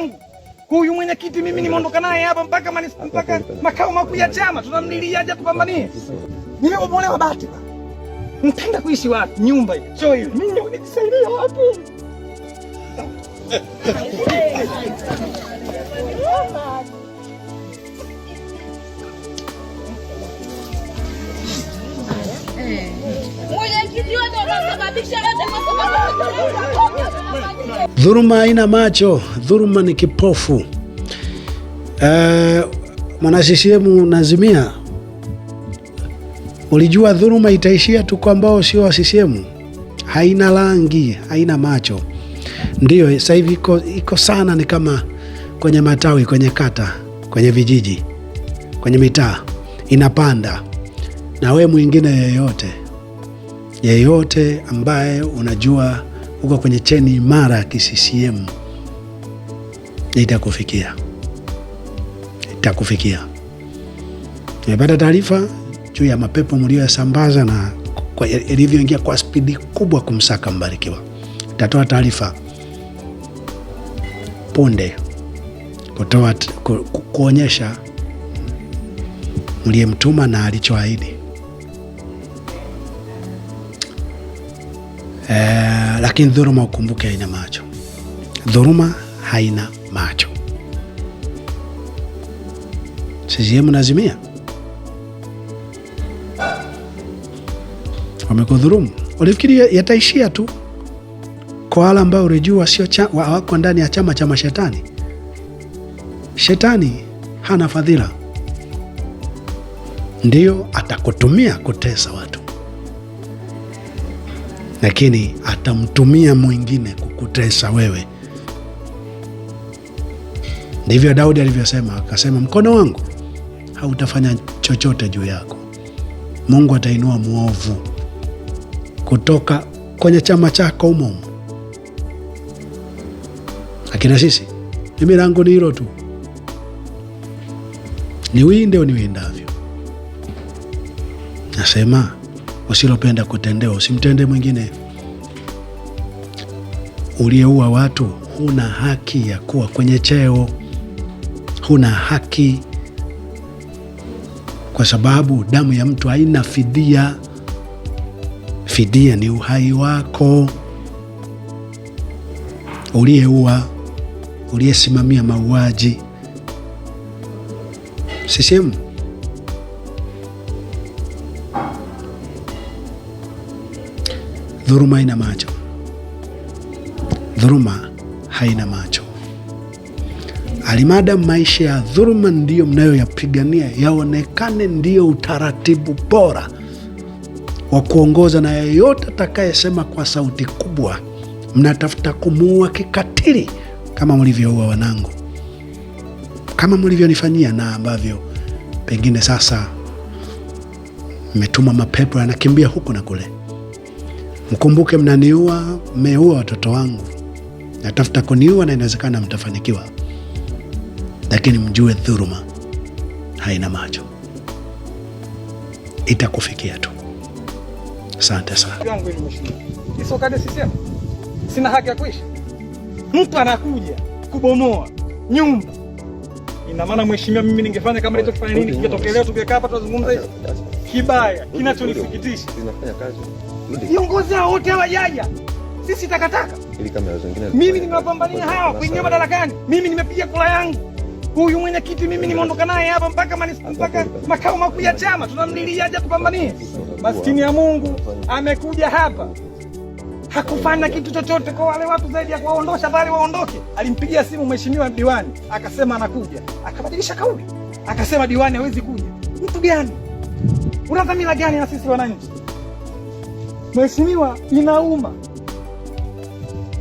wangu Huyu mwenyekiti mimi nimeondoka naye hapa mpaka mpaka makao makuu ya chama, tunamlilia aje tupambanie. Nimebomolewa bati. Mtenda kuishi wapi? Nyumba hiyo sio hiyo. Mimi unisaidie wapi? dhuruma haina macho, dhuruma ni kipofu. Uh, mwana CCM nazimia, ulijua dhuruma itaishia tu kwa ambao sio wa CCM. Haina rangi, haina macho. Ndiyo sasa hivi iko, iko sana, ni kama kwenye matawi, kwenye kata, kwenye vijiji, kwenye mitaa inapanda, na we mwingine yeyote yeyote ambaye unajua uko kwenye cheni imara ya kiCCM itakufikia, itakufikia. Nimepata taarifa juu ya mapepo mlioyasambaza na ilivyoingia kwa, kwa spidi kubwa kumsaka Mbarikiwa. Itatoa taarifa punde kutoa ku, ku, kuonyesha mliyemtuma na alichoahidi. eh, lakini dhuruma ukumbuke, haina macho. dhuruma haina macho. CCM nazimia wamekudhurumu, ulifikiri yataishia tu kwa wale ambao ulijua sio wako ndani ya chama cha mashetani. Shetani hana fadhila, ndiyo atakutumia kutesa watu lakini atamtumia mwingine kukutesa wewe. Ndivyo Daudi alivyosema, akasema, mkono wangu hautafanya chochote juu yako. Mungu atainua mwovu kutoka kwenye chama chako umomo. Lakini sisi mimi langu ni hilo tu, niwinde uniwindavyo. Nasema usilopenda kutendewa usimtende mwingine. Uliyeua watu huna haki ya kuwa kwenye cheo, huna haki kwa sababu damu ya mtu haina fidia. Fidia ni uhai wako. Uliyeua, uliyesimamia mauaji, CCM Dhuruma haina macho, dhuruma haina macho. Alimada maisha ya dhuruma ndiyo mnayoyapigania yaonekane ndiyo utaratibu bora wa kuongoza, na yeyote atakayesema kwa sauti kubwa mnatafuta kumuua kikatili, kama mlivyoua wanangu, kama mlivyonifanyia, na ambavyo pengine sasa mmetuma mapepo yanakimbia huku na kule. Mkumbuke mnaniua, mmeua watoto wangu, natafuta kuniua na inawezekana mtafanikiwa, lakini mjue dhuruma haina macho, itakufikia tu. Asante sana. Sina haki ya kuishi. Mtu anakuja kubomoa nyumba, ina maana mheshimiwa, mimi ningefanya kama nini? Kingetokea leo, tungekaa hapa tunazungumza hivi kibaya kinachonisikitisha, viongozi hao wote hawajaja, sisi takataka. Mimi nimewapambania hawa kuingia madarakani, mimi nimepiga kula yangu. Huyu mwenyekiti mimi nimeondoka naye hapa mpaka mpaka makao makuu ya chama, tunamlilia aje tupambanie. Maskini ya Mungu amekuja hapa hakufanya kitu chochote kwa wale watu zaidi ya kuwaondosha pale waondoke. Alimpigia simu mheshimiwa diwani, akasema anakuja, akabadilisha kauli, akasema diwani hawezi kuja. Mtu gani? una dhamira gani na sisi wananchi? Mheshimiwa, inauma.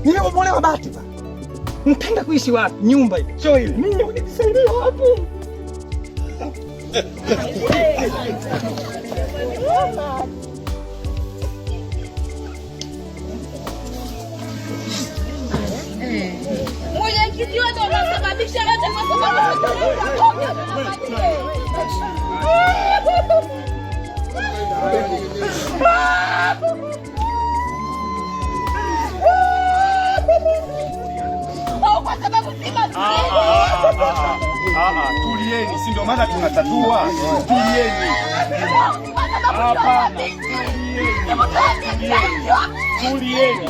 Nilipomolewa bati ba. Mpenda kuishi wapi? Nyumba ile. Sio ile. Mimi unisaidie wapi? Mwenyekiti wetu anasababisha yote kwa sababu Tulieni, si ndio maana tunatatua. Tulieni hapa, tulieni. Tulieni.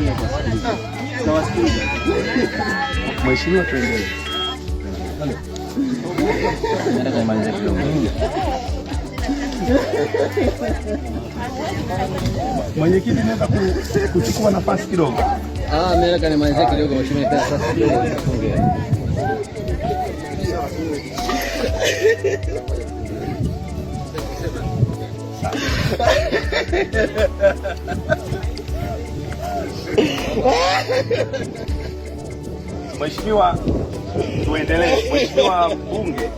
tunafanya kwa Sawa, Mheshimiwa, tuendelee. Mwenyekiti, naweza kuchukua nafasi kidogo? Ah, mimi nataka nimalize kidogo mheshimiwa, Mheshimiwa, tuendelee. Mheshimiwa Mbunge